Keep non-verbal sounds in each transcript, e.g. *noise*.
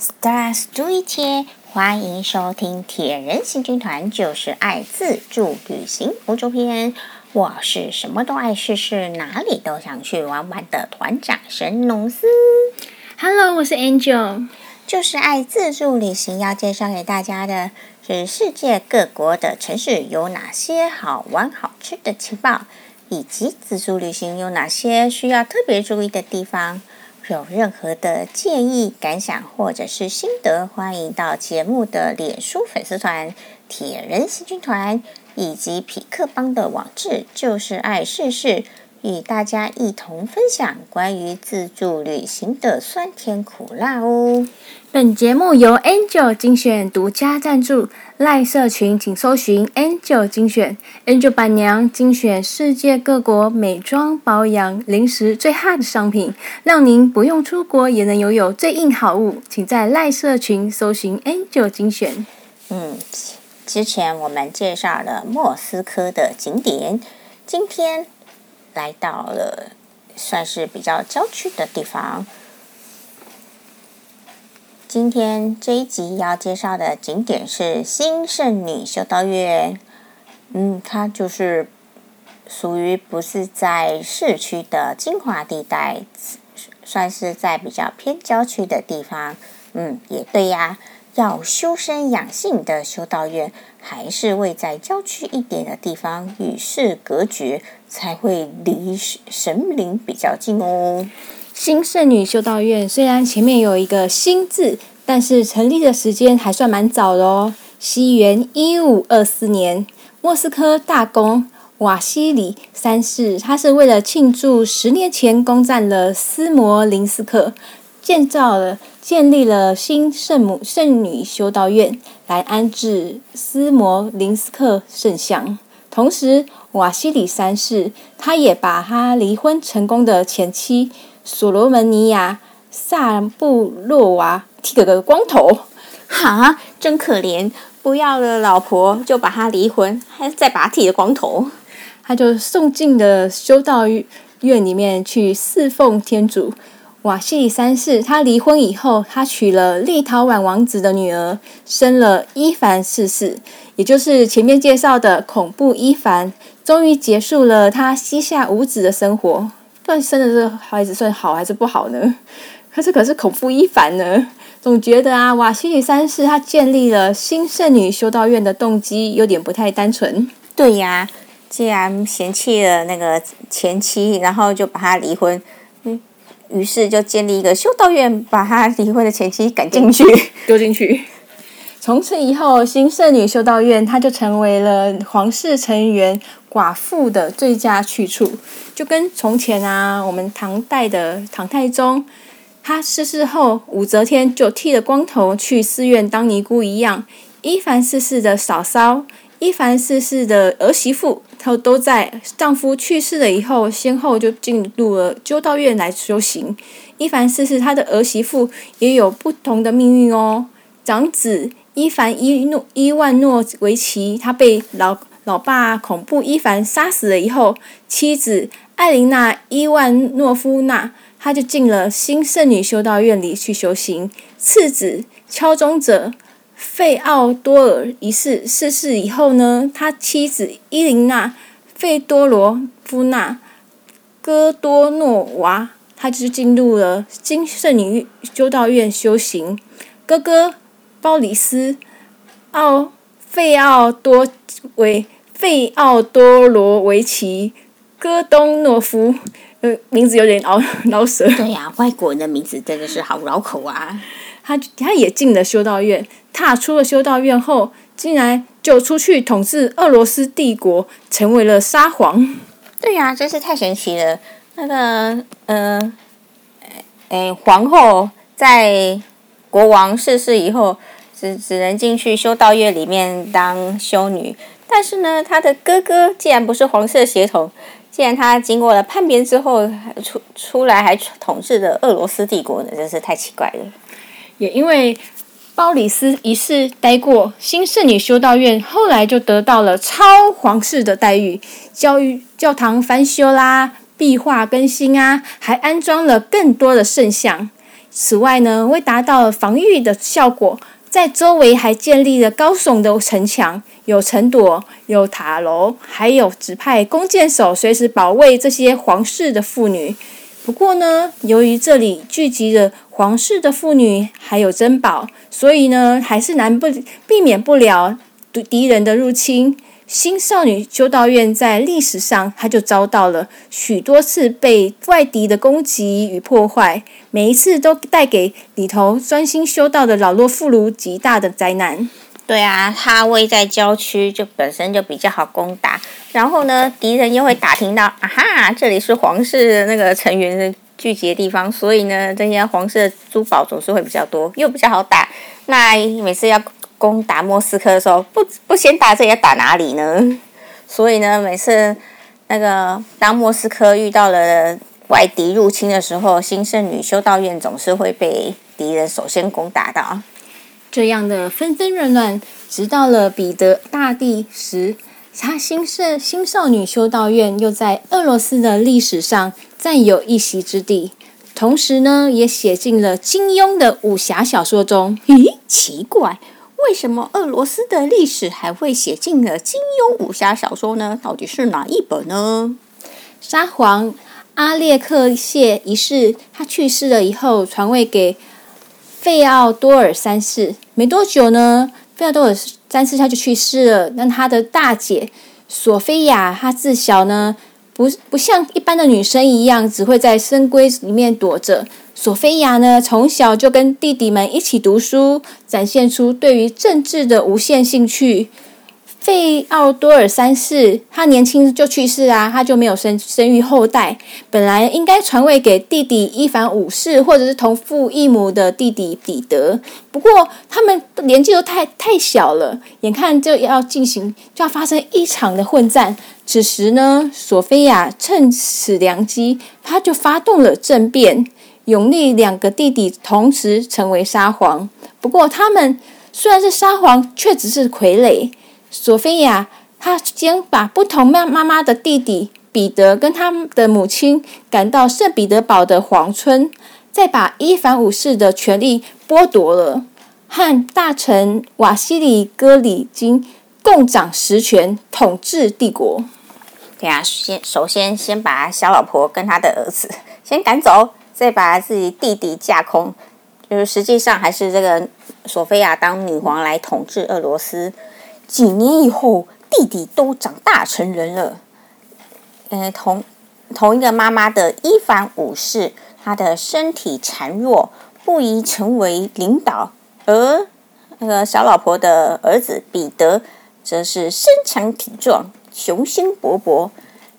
Stars do 一切，Street, 歡迎收聽《鐵人行軍團就是愛自助旅行歐洲篇》。我是什麼都愛試試，哪裡都想去玩玩的團長神農氏。Hello，我是 Angel，就是愛自助旅行。要介紹給大家的是世界各國的城市有哪些好玩好吃的情報，以及自助旅行有哪些需要特別注意的地方。有任何的建議、感想或者是心得，歡迎到節目的臉書粉絲團“鐵人行軍團”以及匹克幫的網誌“就是愛試試”。與大家一同分享關於自助旅行的酸甜苦辣哦。本節目由 Angel 精選獨家贊助，賴社群請搜尋 Angel 精選。Angel 板娘精選世界各國美妝、保養、零食最好的商品，讓您不用出國也能擁有最硬好物。請在賴社群搜尋 Angel 精選。嗯，之前我們介紹了莫斯科的景點，今天，來到了算是比較郊區的地方。今天這一集要介紹的景點是新聖女修道院。嗯，它就是屬於不是在市區的精華地帶，算是在比較偏郊區的地方。嗯，也對呀，要修身養性的修道院，還是會在郊區一點的地方，與世隔絕。才會離神靈比較近哦。新聖女修道院雖然前面有一個“新”字，但是成立的時間還算蠻早的哦。西元一五二四年，莫斯科大公瓦西里三世，他是為了慶祝十年前攻佔了斯摩林斯克，建造了建立了新聖母聖女修道院，來安置斯摩林斯克聖像。同時，瓦西里三世，他也把他離婚成功的前妻所羅門尼亞薩布洛娃剃了個光頭，哈，真可憐！不要了老婆，就把他離婚，還是再把他剃了光頭，他就送進了修道院裡面去侍奉天主。瓦西里三世，他離婚以後，他娶了立陶宛王子的女兒，生了伊凡四世，也就是前面介紹的恐怖伊凡，終於結束了他膝下無子的生活。但生的這個孩子算好還是不好呢？可是可是恐怖伊凡呢。總覺得啊，瓦西里三世他建立了新聖女修道院的動機有點不太單純。對呀、啊，既然嫌棄了那個前妻，然後就把她離婚。於是就建立一個修道院，把他離婚的前妻趕進去， *laughs* 丟進去。從此以後，新聖女修道院，它就成為了皇室成員寡婦的最佳去處，就跟從前啊，我們唐代的唐太宗，他逝世，世後，武則天就剃了光頭去寺院當尼姑一樣。伊凡四世的嫂嫂。伊凡四世的兒媳婦，她都在丈夫去世了以後，先後就進入了修道院來修行。伊凡四世他的兒媳婦也有不同的命運哦。長子伊凡伊諾伊萬諾維奇，他被老老爸恐怖伊凡殺死了以後，妻子艾琳娜·伊萬諾夫娜，她就進了新聖女修道院裡去修行。次子敲鐘者。費奧多爾一世逝世，世以後呢，他妻子伊琳娜·費多羅夫娜·戈多諾娃，她就是進入了新少女修道院修行。哥哥鮑里斯·奧費奧多維費奧多羅維奇·戈東諾夫，呃，名字有點繞繞舌，對呀、啊，外國人的名字真的是好繞口啊！他他也進了修道院。踏出了修道院後，竟然就出去統治俄羅斯帝國，成為了沙皇。對呀，啊，真是太神奇了。那個，呃，誒，皇後在國王逝世，世以後，只只能進去修道院裡面當修女。但是呢，她的哥哥竟然不是皇室血統，既然他經過了叛變之後出出來還統治着俄羅斯帝國呢，真是太奇怪了。也因為。鮑里斯一世待過新聖女修道院，後來就得到了超皇室的待遇。教育教堂翻修啦、啊，壁畫更新啊，還安裝了更多的聖像。此外呢，為達到了防禦的效果，在周圍還建立了高聳的城牆，有城垛、有塔樓，還有指派弓箭手隨時保衛這些皇室的婦女。不過呢，由於這裡聚集着皇室的婦女，還有珍寶，所以呢，還是難不避免不了敵人的入侵。新少女修道院在歷史上，它就遭到了許多次被外敵的攻擊與破壞，每一次都帶給裡頭專心修道的老弱婦孺極大的災難。對啊，他位在郊區，就本身就比較好攻打。然後呢，敵人又會打聽到啊哈，這裡是皇室的那個成員的聚集的地方，所以呢，這些皇室的珠寶總是會比較多，又比較好打。那每次要攻打莫斯科的時候，不不先打這裡，要打哪裡呢？所以呢，每次那個當莫斯科遇到了外敵入侵的時候，新聖女修道院總是會被敵人首先攻打到。這樣的紛紛亂亂，直到了彼得大帝時，他新社新少女修道院又在俄羅斯的歷史上佔有一席之地，同時呢，也寫進了金庸的武俠小說中。咦，奇怪，為什麼俄羅斯的歷史還會寫進了金庸武俠小說呢？到底是哪一本呢？沙皇阿列克謝一世，他去世了以後，傳位給。費奧多爾三世沒多久呢，費奧多爾三世他就去世了。那他的大姐索菲亞，她自小呢不不像一般的女生一樣，只會在深閨裡面躲着。索菲亞呢從小就跟弟弟們一起讀書，展現出對於政治的無限興趣。費奧多爾三世他年輕就去世啊，他就沒有生生育後代，本來應該傳位給弟弟伊凡五世或者是同父異母的弟弟彼得，不過他們年紀都太太小了，眼看就要進行就要發生一場的混戰。此時呢，索菲亞趁此良機，他就發動了政變，擁立兩個弟弟同時成為沙皇。不過他們雖然是沙皇，卻只是傀儡。索菲亞，他先把不同媽媽媽的弟弟彼得跟他的母親趕到聖彼得堡的皇村，再把伊凡五世的權力剝奪了，和大臣瓦西里戈里金共掌實權統治帝國。啊、先首先先把小老婆跟他的兒子先趕走，再把自己弟弟架空，就是實際上還是這個索菲亞當女皇來統治俄羅斯。幾年以後，弟弟都長大成人了。嗯，同同一個媽媽的伊凡五世，他的身體孱弱，不宜成為領導；而那個小老婆的兒子彼得，則是身強體壯、雄心勃勃。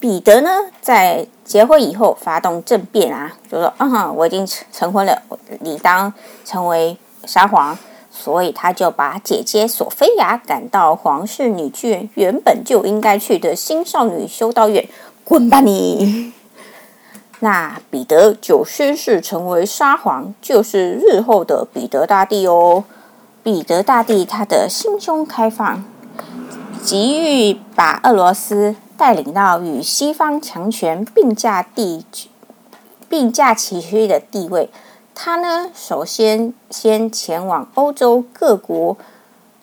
彼得呢，在結婚以後發動政變啊，就說：“嗯哼，我已經成婚了，理當成為沙皇。”所以他就把姐姐索菲亞趕到皇室女眷原本就應該去的新少女修道院，滾吧你！那彼得就宣誓成為沙皇，就是日後的彼得大帝哦。彼得大帝他的心胸開放，急於把俄羅斯帶領到與西方強權並駕地並駕齊驅的地位。他呢，首先先前往歐洲各國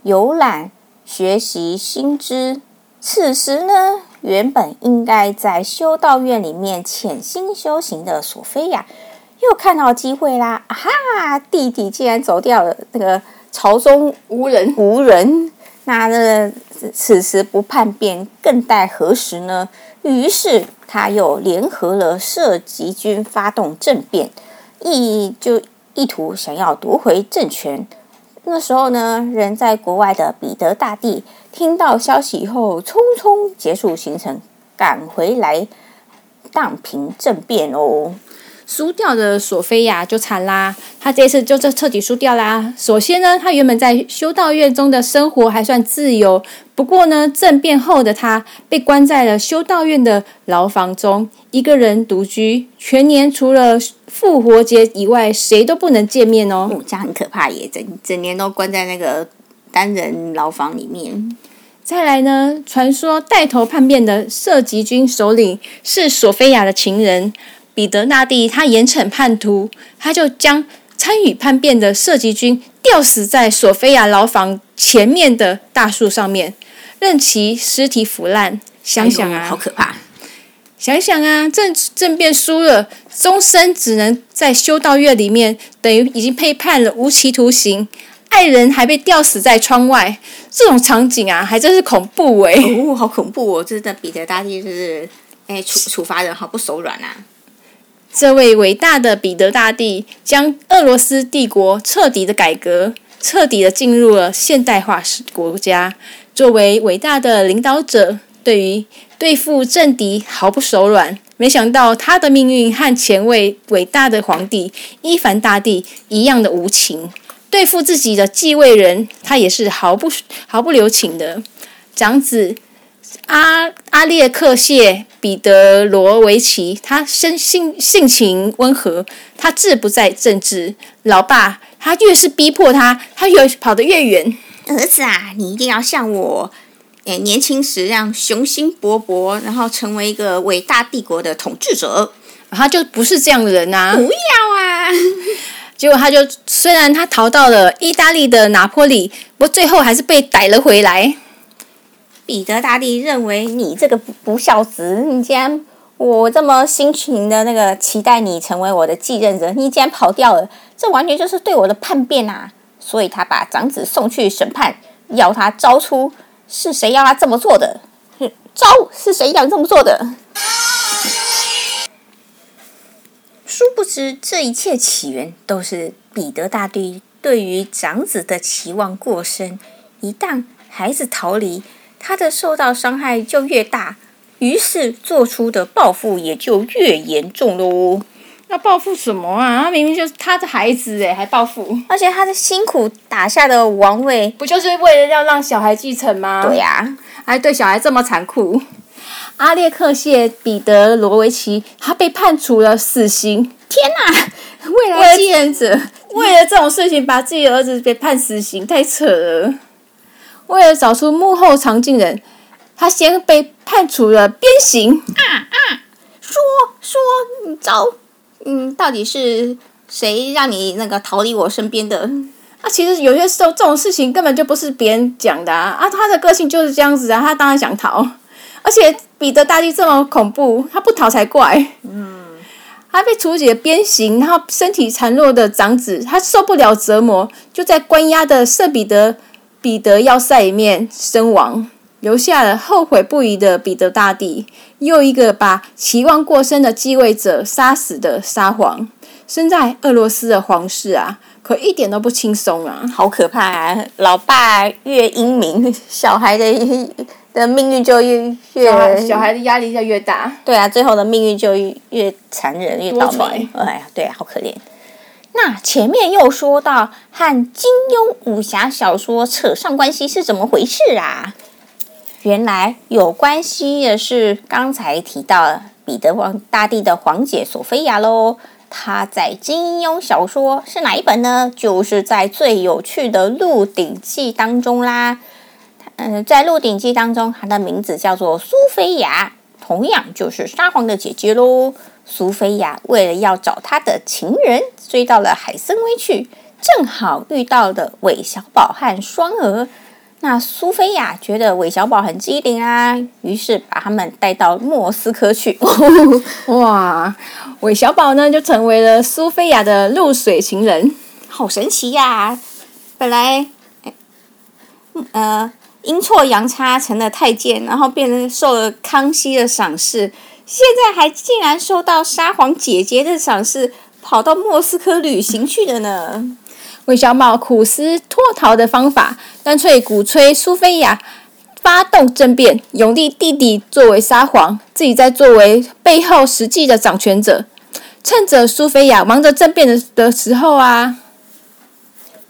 遊覽學習新知。此時呢，原本應該在修道院裡面潛心修行的索菲亞，又看到機會啦！啊哈，弟弟竟然走掉了，那、這個朝中無人，無人，那那個此時不叛變，更待何時呢？於是他又聯合了射擊軍，發動政變。意就意圖想要奪回政權，那時候呢，人在國外的彼得大帝聽到消息以後，匆匆結束行程，趕回來蕩平政變哦。輸掉的索菲亞就慘啦，他這次就徹底輸掉啦。首先呢，他原本在修道院中的生活還算自由，不過呢，政變後的他被關在了修道院的牢房中，一個人獨居，全年除了復活節以外，誰都不能見面哦、喔嗯。這樣很可怕耶，整整年都關在那個單人牢房裡面。再來呢，傳說帶頭叛變的射擊軍首領是索菲亞的情人。彼得大帝他嚴懲叛徒，他就將參與叛變的射擊軍吊死在索菲亞牢房前面的大樹上面，任其屍體腐爛。想想啊，哎、好可怕！想想啊，政政變輸了，終身只能在修道院裡面，等於已經被判了無期徒刑，愛人還被吊死在窗外，這種場景啊，還真是恐怖誒、欸。哦，好恐怖哦！這是在彼得大帝就是誒，處處罰人好不手軟啊！這位偉大的彼得大帝將俄羅斯帝國徹底的改革，徹底的進入了現代化國家。作為偉大的領導者，對於對付政敵毫不手軟。沒想到他的命運和前位偉大的皇帝伊凡大帝一樣的無情，對付自己的繼位人，他也是毫不毫不留情的。長子。阿阿列克謝彼得羅維奇，他生性性情溫和，他志不在政治。老爸，他越是逼迫他，他越跑得越遠。兒子啊，你一定要像我，誒，年輕時那樣雄心勃勃，然後成為一個偉大帝國的統治者。他、啊、就不是這樣的人啊！不要啊！結果他就雖然他逃到了意大利的拿坡里，不過最後還是被逮了回來。彼得大帝認為，你這個不孝子，你竟然我這麼辛勤的那個期待，你成為我的繼任者，你竟然跑掉了，這完全就是對我的叛變啊！所以他把長子送去審判，要他招出是誰要他這麼做的，招是誰要這麼做的。殊不知這一切起源都是彼得大帝對於長子的期望過深，一旦孩子逃離。他的受到傷害就越大，於是做出的報復也就越嚴重嘍。那報復什麼啊？他明明就是他的孩子哎、欸，還報復！而且他的辛苦打下的王位，不就是為了要讓，讓小孩繼承嗎？對呀、啊，還對小孩這麼殘酷！阿列克謝彼得羅維奇，他被判處了死刑！天哪、啊，未來繼任者為了，為了這種事情，嗯、把自己的兒子給判死刑，太扯了！為了找出幕後藏鏡人，他先被判處了鞭刑。啊啊！說說，你招，嗯，到底是誰讓你那個逃離我身邊的？啊，其實有些時候這種事情根本就不是別人講的啊！啊，他的個性就是這樣子啊，他當然想逃，而且彼得大帝這麼恐怖，他不逃才怪。嗯，他被處以鞭刑，然後身體孱弱的長子他受不了折磨，就在關押的聖彼得。彼得要塞裡面身亡，留下了後悔不已的彼得大帝，又一個把期望過深的繼位者殺死的沙皇。身在俄羅斯的皇室啊，可一點都不輕鬆啊，好可怕啊！老爸越英明，小孩的的命運就越小孩，小孩的壓力就越大。對啊，最後的命運就越，越殘忍，越，殘忍，越倒霉。丑哎呀，對啊，好可憐。那前面又說到和金庸武俠小說扯上關係是怎麼回事啊？原來有關係的是剛才提到彼得王大帝的皇姐索菲亞嘍。她在金庸小說是哪一本呢？就是在最有趣的《鹿鼎記》當中啦。嗯，在《鹿鼎記》當中，她的名字叫做蘇菲亞。同樣就是沙皇的姐姐嘍。蘇菲亞為了要找他的情人，追到了海森威去，正好遇到了韋小寶和雙兒。那蘇菲亞覺得韋小寶很機靈啊，於是把他們帶到莫斯科去。 *laughs* 哇，韋小寶呢，就成為了蘇菲亞的露水情人，好神奇呀、啊！本來，嗯、呃。陰錯陽差成了太監，然後變成受了康熙的賞識，現在還竟然受到沙皇姐姐的賞識，跑到莫斯科旅行去了呢。韋小寶苦思脫逃的方法，乾脆鼓吹蘇菲亞發動政變，擁立弟弟作為沙皇，自己再作為背後實際的掌權者，趁着蘇菲亞忙着政變的的時候啊。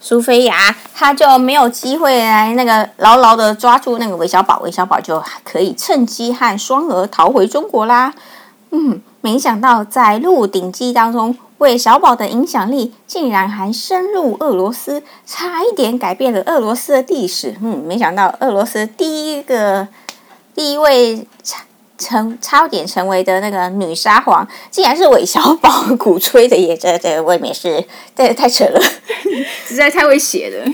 蘇菲亞，她就沒有機會來那個牢牢的抓住那個韋小寶，韋小寶就可以趁機和雙兒逃回中國啦。嗯，沒想到在《鹿鼎記》當中，韋小寶的影響力竟然還深入俄羅斯，差一點改變了俄羅斯的歷史。嗯，沒想到俄羅斯第一個，第一位。成，差點成為的那個女沙皇，竟然是韋小寶鼓吹的，耶。這這未免是，這也太扯了， *laughs* 實在太會寫了。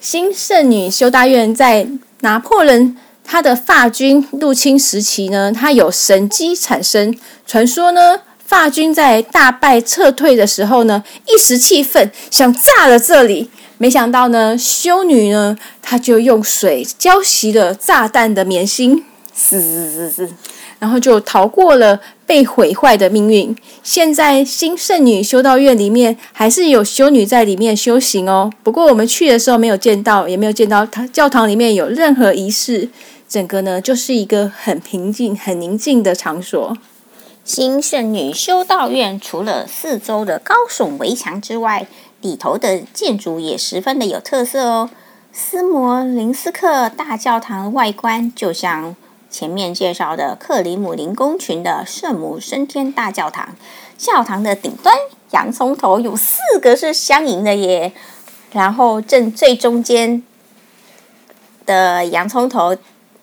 新聖女修道院在拿破崙他的法軍入侵時期呢，他有神蹟產生。傳說呢，法軍在大敗撤退的時候呢，一時氣憤，想炸了這裡，沒想到呢，修女呢，她就用水澆熄了炸彈的棉芯。是是是是，然後就逃過了被毀壞的命運。現在新聖女修道院裡面還是有修女在裡面修行哦。不過我們去的時候沒有見到，也沒有見到它教堂裡面有任何儀式。整個呢就是一個很平靜、很寧靜的場所。新聖女修道院除了四周的高聳圍牆之外，裡頭的建築也十分的有特色哦。斯摩林斯克大教堂外觀就像。前面介紹的克里姆林宮群的聖母升天大教堂，教堂的頂端洋蔥頭有四個是鑲銀的耶，然後正最中間的洋蔥頭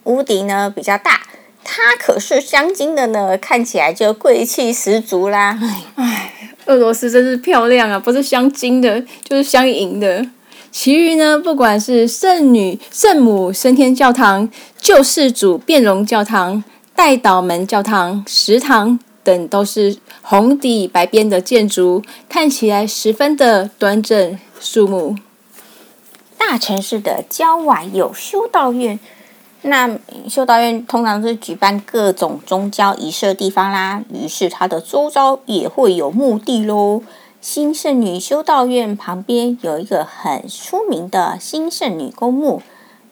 屋頂呢比較大，它可是鑲金的呢，看起來就貴氣十足啦。唉、哎，俄羅斯真是漂亮啊，不是鑲金的，就是鑲銀的。其餘呢，不管是聖女、聖母升天教堂、救世主變容教堂、代禱門教堂、食堂等，都是紅底白邊的建築，看起來十分的端正肅穆。大城市的郊外有修道院，那修道院通常是舉辦各種宗教儀式的地方啦，於是它的周遭也會有墓地嘍。新少女修道院旁邊有一個很出名的新少女公墓。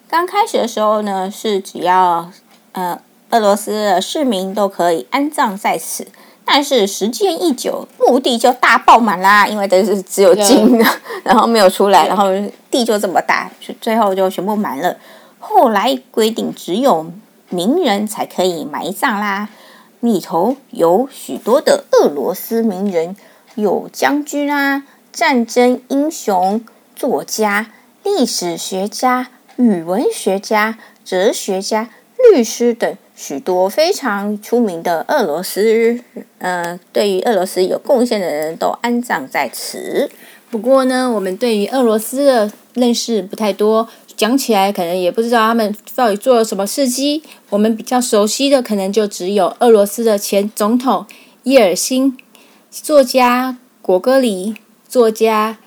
剛開始的時候呢，是只要呃俄羅斯的市民都可以安葬在此，但是時間一久，墓地就大爆滿啦。因為這是只有進的，對然後沒有出來，然後地就這麼大，最後就全部滿了。後來規定只有名人才可以埋葬啦。裡頭有許多的俄羅斯名人。有將軍啊，戰爭英雄、作家、歷史學家、語文學家、哲學家、律師等許多非常出名的俄羅斯，呃，對於俄羅斯有貢獻的人都安葬在此。不過呢，我們對於俄羅斯的認識不太多，講起來可能也不知道他們到底做了什麼事蹟。我們比較熟悉的可能就只有俄羅斯的前總統葉爾辛。作家果戈里，作家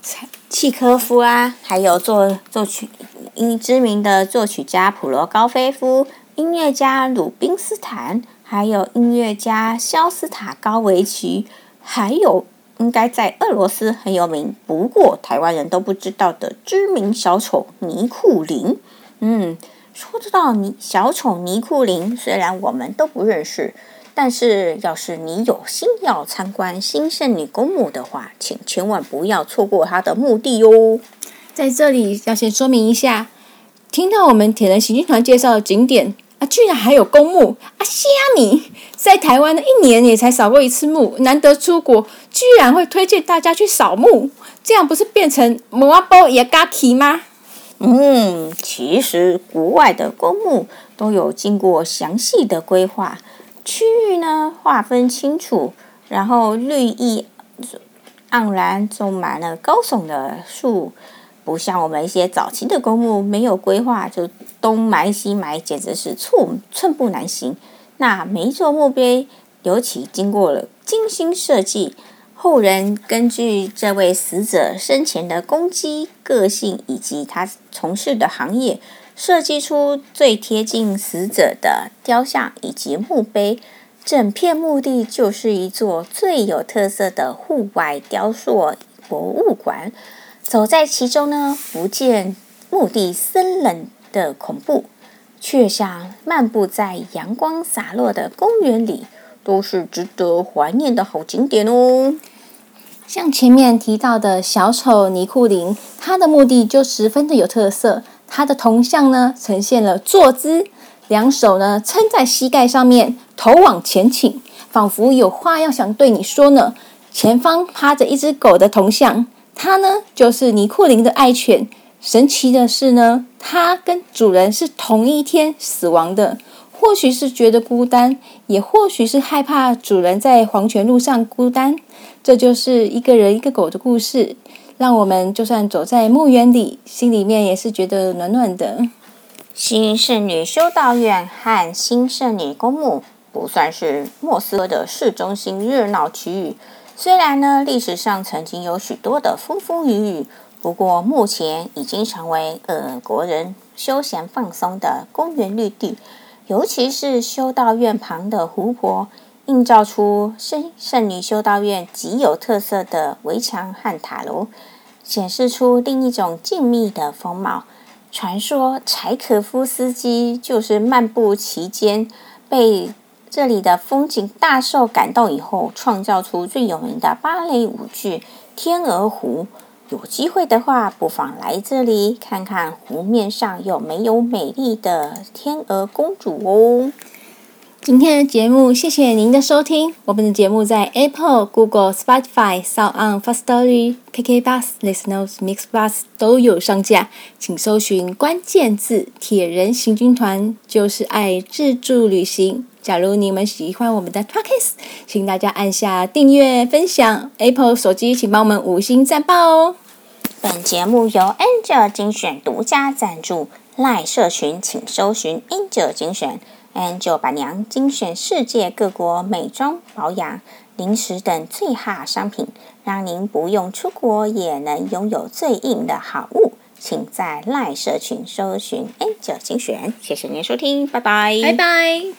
契契科夫啊，還有作作曲一知名的作曲家普羅高菲夫，音樂家魯賓斯坦，還有音樂家肖斯塔高維奇，還有應該在俄羅斯很有名，不過台灣人都不知道的知名小丑尼庫林。嗯，說到尼小丑尼庫林，雖然我們都不認識。但是，要是你有心要參觀新聖女公墓的話，請千萬不要錯過它的墓地喲。在這裡要先說明一下，聽到我們鐵人行軍團介紹的景點啊，居然還有公墓啊！蝦米，在台灣的一年也才掃過一次墓，難得出國，居然會推薦大家去掃墓，這樣不是變成墓仔埔也敢去嗎？嗯，其實國外的公墓都有經過詳細的規劃。區域呢，劃分清楚，然後綠意盎然，種滿了高聳的樹，不像我們一些早期的公墓沒有規劃，就東埋西埋，簡直是寸寸步難行。那每一座墓碑，尤其經過了精心設計，後人根據這位死者生前的功績，個性以及他從事的行業。設計出最貼近死者的雕像以及墓碑，整片墓地就是一座最有特色的戶外雕塑博物館。走在其中呢，不見墓地森冷的恐怖，卻像漫步在陽光灑落的公園裡，都是值得懷念的好景點哦。像前面提到的小丑尼庫林，他的墓地就十分的有特色。他的銅像呢，呈現了坐姿，兩手呢撐在膝蓋上面，頭往前傾，仿佛有話要想對你說呢。前方趴着一只狗的銅像，它呢就是尼庫林的愛犬。神奇的是呢，它跟主人是同一天死亡的，或許是覺得孤單，也或許是害怕主人在黃泉路上孤單。這就是一個人一個狗的故事。讓我們就算走在墓園裡，心裡面也是覺得暖暖的。新聖女修道院和新聖女公墓不算是莫斯科的市中心熱鬧區域，雖然呢歷史上曾經有許多的風風雨雨，不過目前已經成為俄、呃、國人休閒放鬆的公園綠地，尤其是修道院旁的湖泊。映照出新聖女修道院極有特色的圍牆和塔樓，顯示出另一種靜謐的風貌。傳說柴可夫斯基就是漫步其間，被這裡的風景大受感動以後，創造出最有名的芭蕾舞劇《天鵝湖》。有機會的話，不妨來這裡看看湖面上有沒有美麗的天鵝公主哦。今天的節目，謝謝您的收聽。我們的節目在 Apple、Google、Spotify、SoundOn、Firstory、KK Bus、Listen Notes、Mixplus 都有上架，請搜尋關鍵字“鐵人行軍團”就是愛自助旅行。假如你們喜歡我們的 Podcast，請大家按下訂閱、分享。Apple 手機請幫我們五星讚爆哦！本節目由 Angel 精選獨家贊助。賴社群請搜尋 Angel 精選。Angel 老闆娘精選世界各國美妝、保養、零食等最夯商品，讓您不用出國也能擁有最硬的好物。請在賴社群搜尋 Angel 精選，謝謝您收聽，拜拜，拜拜。